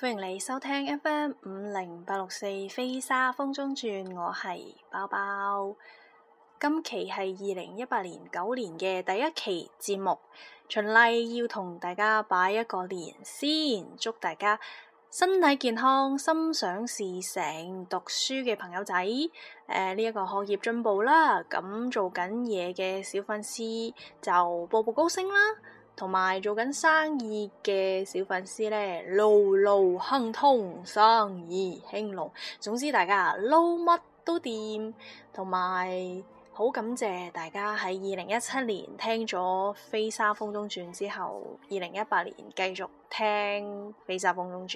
歡迎你收聽 FM 五零八六四《飛沙風中轉》，我係包包，今期係二零一八年九年嘅第一期節目，循例要同大家拜一個年先，祝大家身體健康、心想事成，讀書嘅朋友仔，誒呢一個學業進步啦，咁做緊嘢嘅小粉絲就步步高升啦。同埋做緊生意嘅小粉絲呢，路路亨通，生意興隆。總之，大家撈乜都掂，同埋。好感謝大家喺二零一七年聽咗《飛沙風中轉》之後，二零一八年繼續聽《飛沙風中轉》。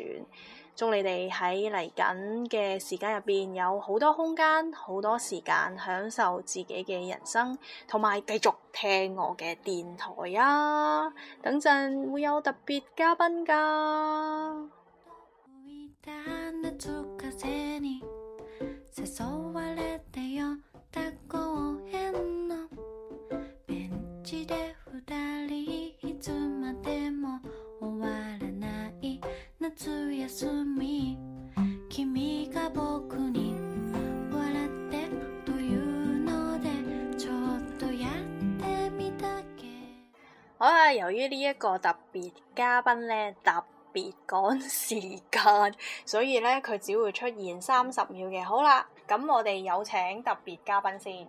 祝你哋喺嚟緊嘅時間入邊有好多空間、好多時間，享受自己嘅人生，同埋繼續聽我嘅電台啊！等陣會有特別嘉賓㗎。好啦，啊，由於呢一個特別嘉賓咧特別趕時間，所以咧佢只會出現三十秒嘅。好啦，咁我哋有請特別嘉賓先。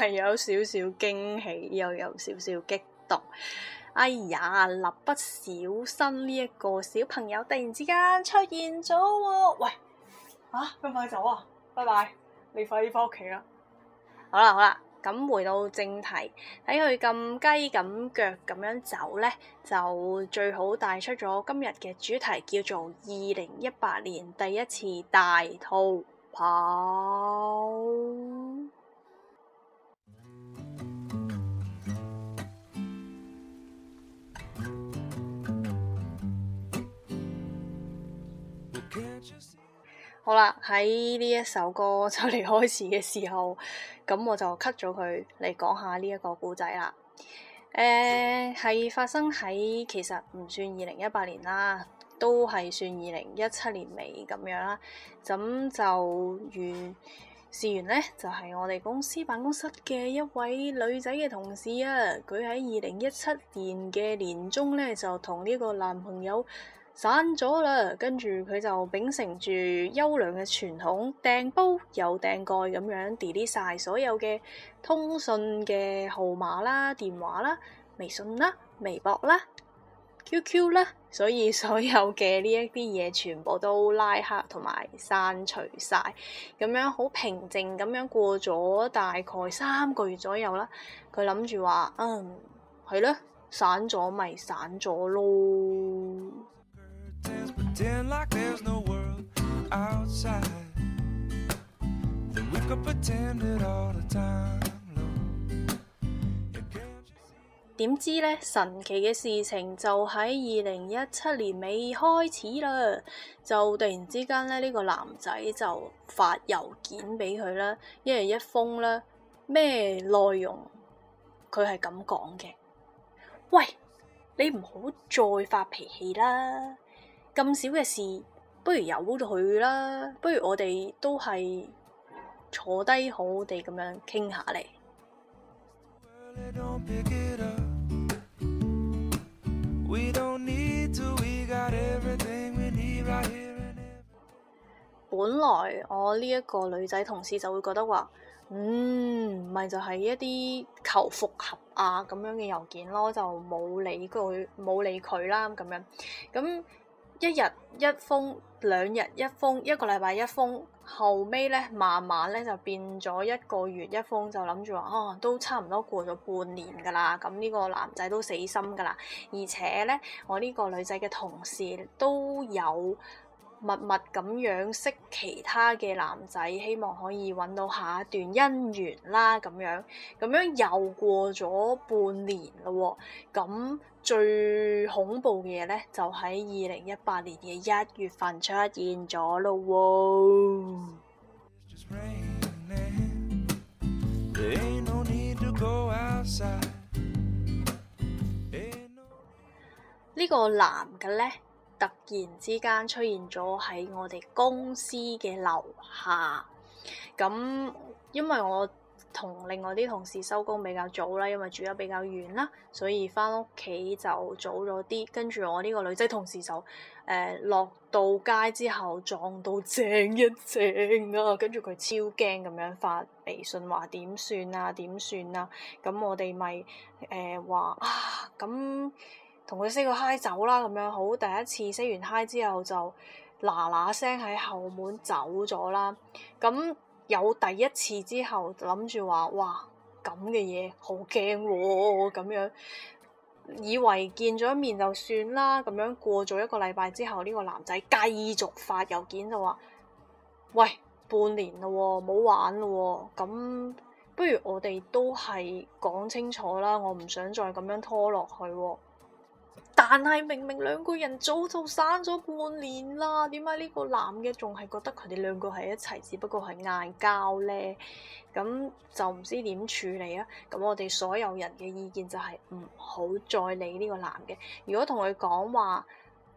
係有少少驚喜，又有少少激動。哎呀！蠟筆小新呢一個小朋友突然之間出現咗喎、哦。喂，啊，你快走啊！拜拜，你快啲翻屋企啦。好啦好啦，咁回到正題，睇佢咁雞咁腳咁樣走呢，就最好帶出咗今日嘅主題，叫做二零一八年第一次大逃跑。好啦，喺呢一首歌就嚟開始嘅時候，咁我就 cut 咗佢嚟講下呢一個故仔啦。誒、呃，係發生喺其實唔算二零一八年啦，都係算二零一七年尾咁樣啦。咁就完事緣呢，就係、是、我哋公司辦公室嘅一位女仔嘅同事啊。佢喺二零一七年嘅年中呢，就同呢個男朋友。散咗啦，跟住佢就秉承住優良嘅傳統，掟煲又掟蓋咁樣 delete 晒所有嘅通訊嘅號碼啦、電話啦、微信啦、微博啦、QQ 啦，所以所有嘅呢一啲嘢全部都拉黑同埋刪除晒。咁樣好平靜咁樣過咗大概三個月左右啦。佢諗住話，嗯，係咯，散咗咪散咗咯。點知呢，神奇嘅事情就喺二零一七年尾開始啦，就突然之間咧，呢、呢個男仔就發郵件俾佢啦，一日一封啦，咩內容？佢係咁講嘅，喂，你唔好再發脾氣啦。咁少嘅事，不如由佢啦。不如我哋都係坐低，好好地咁樣傾下嚟。本來我呢一個女仔同事就會覺得話，嗯，咪就係一啲求復合啊咁樣嘅郵件咯，就冇理佢，冇理佢啦咁樣咁。一日一封，兩日一封，一個禮拜一封。後尾咧，慢慢咧就變咗一個月一封，就諗住話，哦，都差唔多過咗半年㗎啦。咁呢個男仔都死心㗎啦。而且咧，我呢個女仔嘅同事都有，默默咁樣識其他嘅男仔，希望可以揾到下一段姻緣啦，咁樣咁樣又過咗半年喇喎，咁最恐怖嘅嘢呢，就喺二零一八年嘅一月份出現咗喇喎，呢 個男嘅呢。突然之間出現咗喺我哋公司嘅樓下，咁因為我同另外啲同事收工比較早啦，因為住得比較遠啦，所以返屋企就早咗啲。跟住我呢個女仔同事就誒、呃、落到街之後撞到正一正啊，跟住佢超驚咁樣發微信話點算啊，點算啊，咁、啊、我哋咪誒話啊咁。同佢 say 個 hi 走啦，咁樣好。第一次 say 完嗨之後就嗱嗱聲喺後門走咗啦。咁有第一次之後，諗住話哇咁嘅嘢好驚喎、哦，咁樣以為見咗面就算啦。咁樣過咗一個禮拜之後，呢、這個男仔繼續發郵件就話：喂，半年嘞喎、哦，冇玩嘞喎、哦，咁不如我哋都係講清楚啦。我唔想再咁樣拖落去、哦。但係明明兩個人早就散咗半年啦，點解呢個男嘅仲係覺得佢哋兩個係一齊，只不過係嗌交呢？咁就唔知點處理啊。咁我哋所有人嘅意見就係唔好再理呢個男嘅。如果同佢講話，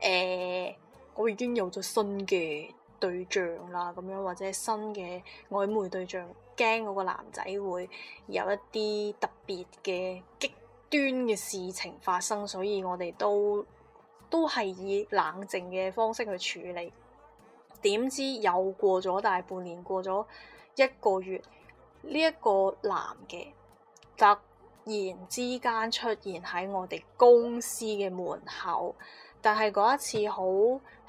誒、呃，我已經有咗新嘅對象啦，咁樣或者新嘅曖昧對象，驚嗰個男仔會有一啲特別嘅激端嘅事情發生，所以我哋都都係以冷靜嘅方式去處理。點知又過咗大半年，過咗一個月，呢一個男嘅突然之間出現喺我哋公司嘅門口。但係嗰一次好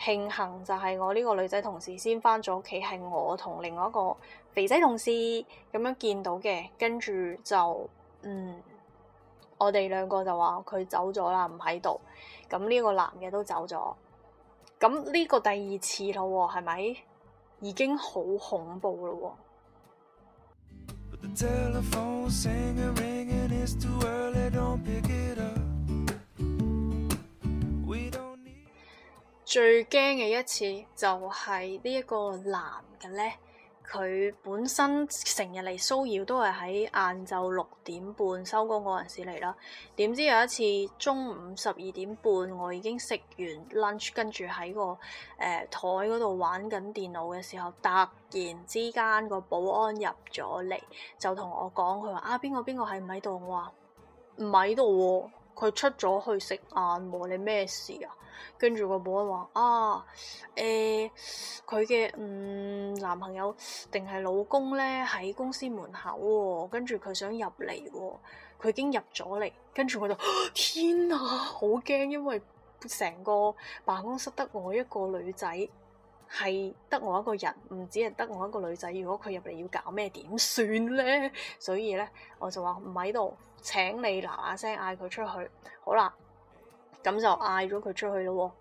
慶幸，就係我呢個女仔同事先翻咗屋企，係我同另外一個肥仔同事咁樣見到嘅。跟住就嗯。我哋兩個就話佢走咗啦，唔喺度。咁呢個男嘅都走咗。咁呢個第二次咯，係咪？已經好恐怖咯。最驚嘅一次就係呢一個男嘅呢。佢本身成日嚟騷擾都係喺晏晝六點半收工嗰陣時嚟啦，點知有一次中午十二點半，我已經食完 lunch，跟住喺個誒枱嗰度玩緊電腦嘅時候，突然之間個保安入咗嚟，就同我講，佢話啊，邊個邊個喺唔喺度？我話唔喺度喎。佢出咗去食晏喎，你咩事啊？跟住個保安話：啊，誒、欸，佢嘅嗯男朋友定係老公咧喺公司門口喎、哦，跟住佢想入嚟喎，佢已經入咗嚟，跟住我就、啊，天啊，好驚，因為成個辦公室得我一個女仔。係得我一個人，唔止係得我一個女仔。如果佢入嚟要搞咩，點算咧？ 所以咧，我就話唔喺度，請你嗱下聲嗌佢出去。好啦，咁就嗌咗佢出去咯。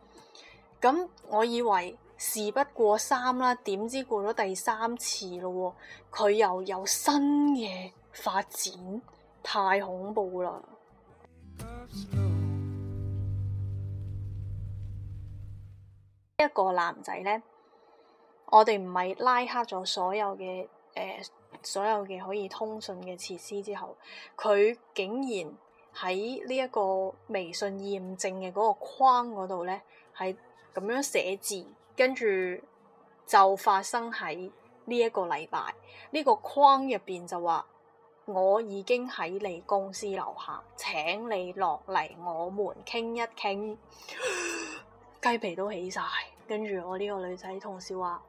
咁我以為事不過三啦，點知過咗第三次咯。佢又有新嘅發展，太恐怖啦！一 個男仔咧。我哋唔係拉黑咗所有嘅誒、呃，所有嘅可以通訊嘅設施之後，佢竟然喺呢一個微信驗證嘅嗰個框嗰度咧，係咁樣寫字，跟住就發生喺呢一個禮拜，呢、呢個框入邊就話我已經喺你公司樓下，請你落嚟，我們傾一傾，雞皮都起晒。跟住我呢個女仔同事話。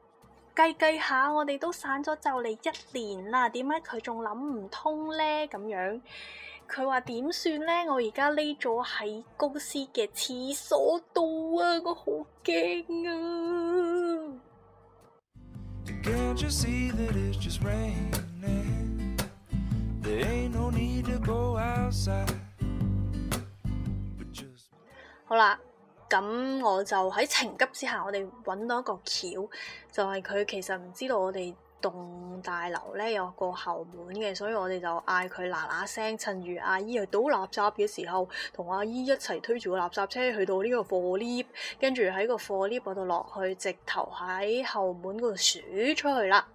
計計下，我哋都散咗就嚟一年啦，點解佢仲諗唔通呢？咁樣佢話點算呢？我而家匿咗喺公司嘅廁所度啊！我好驚啊！ 好啦。咁我就喺情急之下，我哋揾到一個橋，就係佢其實唔知道我哋棟大樓呢有個後門嘅，所以我哋就嗌佢嗱嗱聲，趁住阿姨去倒垃圾嘅時候，同阿姨一齊推住個垃圾車去到呢個貨 lift，跟住喺個貨 lift 嗰度落去，直頭喺後門嗰度鼠出去啦。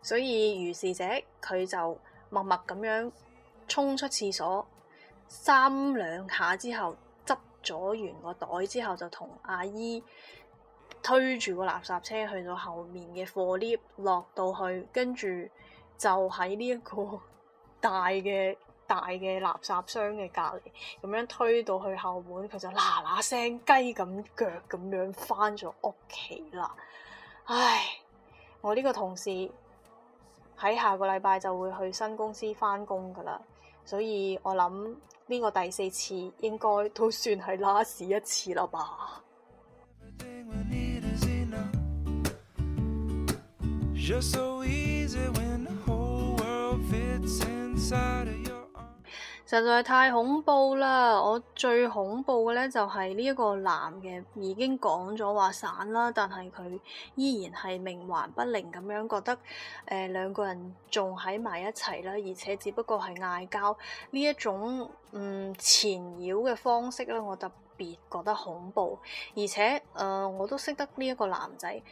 所以如是者佢就默默咁樣衝出廁所，三兩下之後。咗完個袋之後，就同阿姨推住個垃圾車去到後面嘅貨 𨋢，落到去，跟住就喺呢一個大嘅大嘅垃圾箱嘅隔離，咁樣推到去後門，佢就嗱嗱聲雞咁腳咁樣翻咗屋企啦。唉，我呢個同事喺下個禮拜就會去新公司翻工㗎啦。所以我諗呢個第四次應該都算係拉屎一次啦吧。 實在太恐怖啦！我最恐怖嘅咧就係呢一個男嘅已經講咗話散啦，但係佢依然係冥頑不靈咁樣覺得，誒、呃、兩個人仲喺埋一齊啦，而且只不過係嗌交呢一種嗯纏繞嘅方式咧，我特別覺得恐怖，而且誒、呃、我都識得呢一個男仔，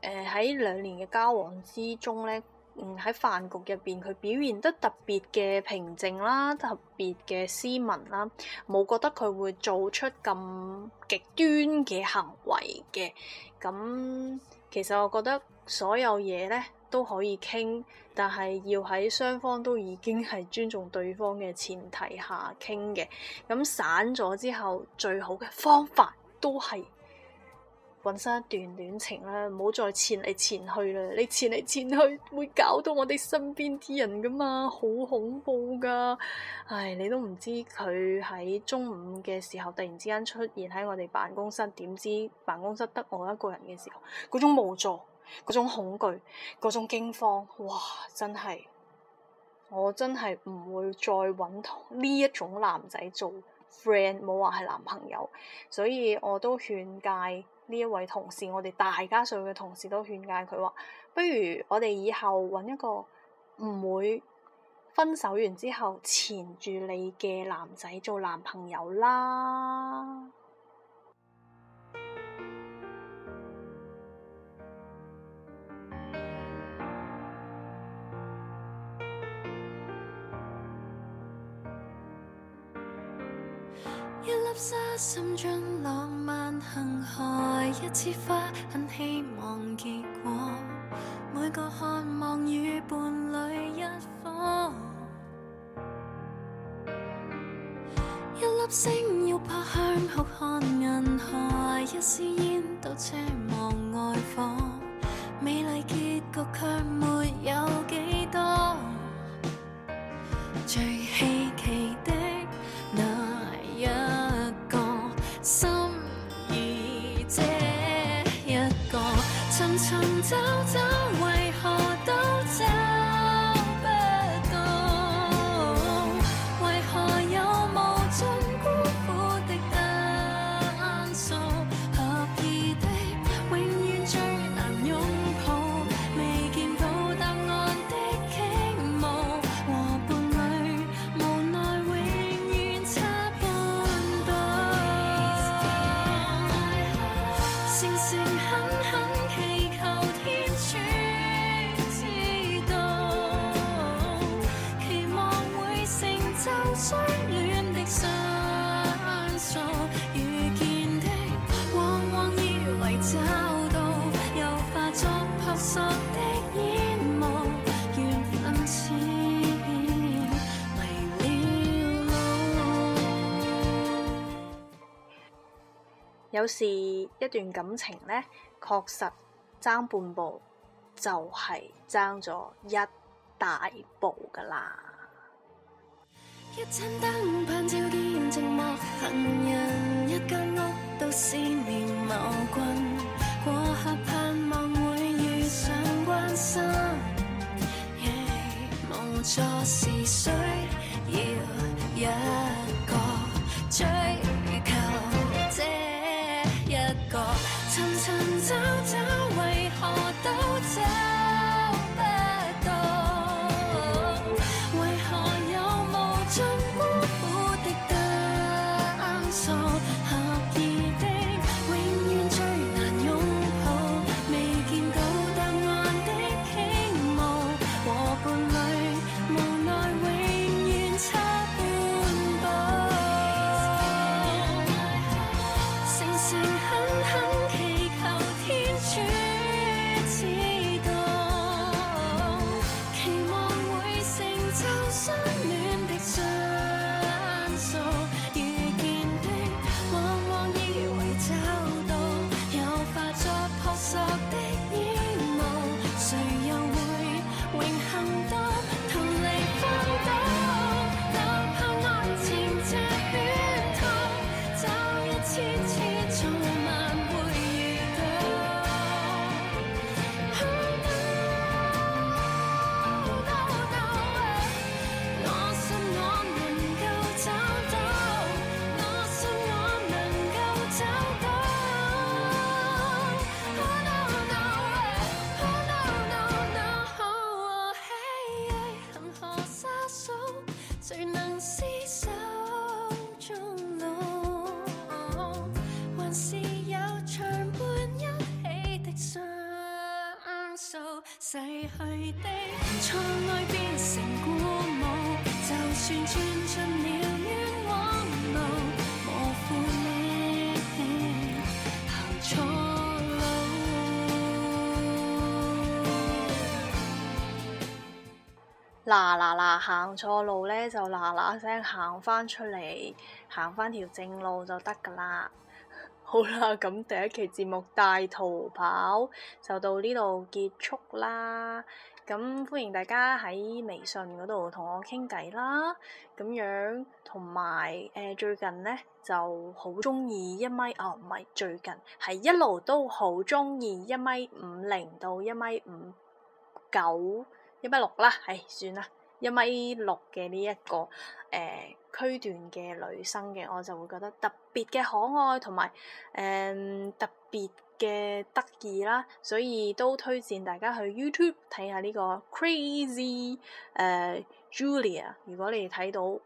誒喺兩年嘅交往之中咧。嗯喺飯局入邊，佢表現得特別嘅平靜啦，特別嘅斯文啦，冇覺得佢會做出咁極端嘅行為嘅。咁其實我覺得所有嘢咧都可以傾，但係要喺雙方都已經係尊重對方嘅前提下傾嘅。咁散咗之後，最好嘅方法都係，揾新一段戀情啦，唔好再纏嚟纏去啦。你纏嚟纏去會搞到我哋身邊啲人㗎嘛，好恐怖㗎！唉，你都唔知佢喺中午嘅時候突然之間出現喺我哋辦公室，點知辦公室得我一個人嘅時候，嗰種無助、嗰種恐懼、嗰種驚慌，哇！真係我真係唔會再揾同呢一種男仔做 friend，冇話係男朋友，所以我都勸戒。呢一位同事，我哋大家熟嘅同事都勸解佢話，不如我哋以後揾一個唔會分手完之後纏住你嘅男仔做男朋友啦。一粒沙滲進浪漫恆河，一支花很希望結果，每個渴望與伴侶一夥。 一粒星要撲向浩瀚銀河，一絲煙都奢望愛火，美麗結局卻沒有幾多。 最希有時一段感情呢，確實爭半步就係爭咗一大步噶啦。 逝去的成就算了路，嗱嗱嗱，行錯路咧就嗱嗱聲行翻出嚟，行翻條正路就得㗎喇。好啦，咁第一期節目大逃跑就到呢度結束啦。咁歡迎大家喺微信嗰度同我傾偈啦。咁樣同埋誒最近咧就好鍾意一米，哦唔係最近係一路都好鍾意一米五零到一米五九一米六啦。誒算啦，一米六嘅呢一個誒區段嘅女生嘅，我就會覺得特別嘅可愛，同埋誒特別嘅得意啦，所以都推薦大家去 YouTube 睇下呢個 Crazy 誒、呃、Julia，如果你哋睇到。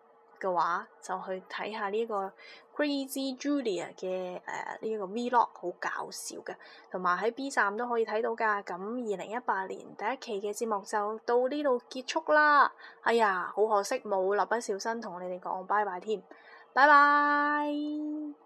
嘅話就去睇下呢個 Crazy Julia 嘅誒呢個 Vlog，好搞笑嘅，同埋喺 B 站都可以睇到㗎。咁二零一八年第一期嘅節目就到呢度結束啦。哎呀，好可惜冇蠟筆小新同你哋講拜拜添，拜拜。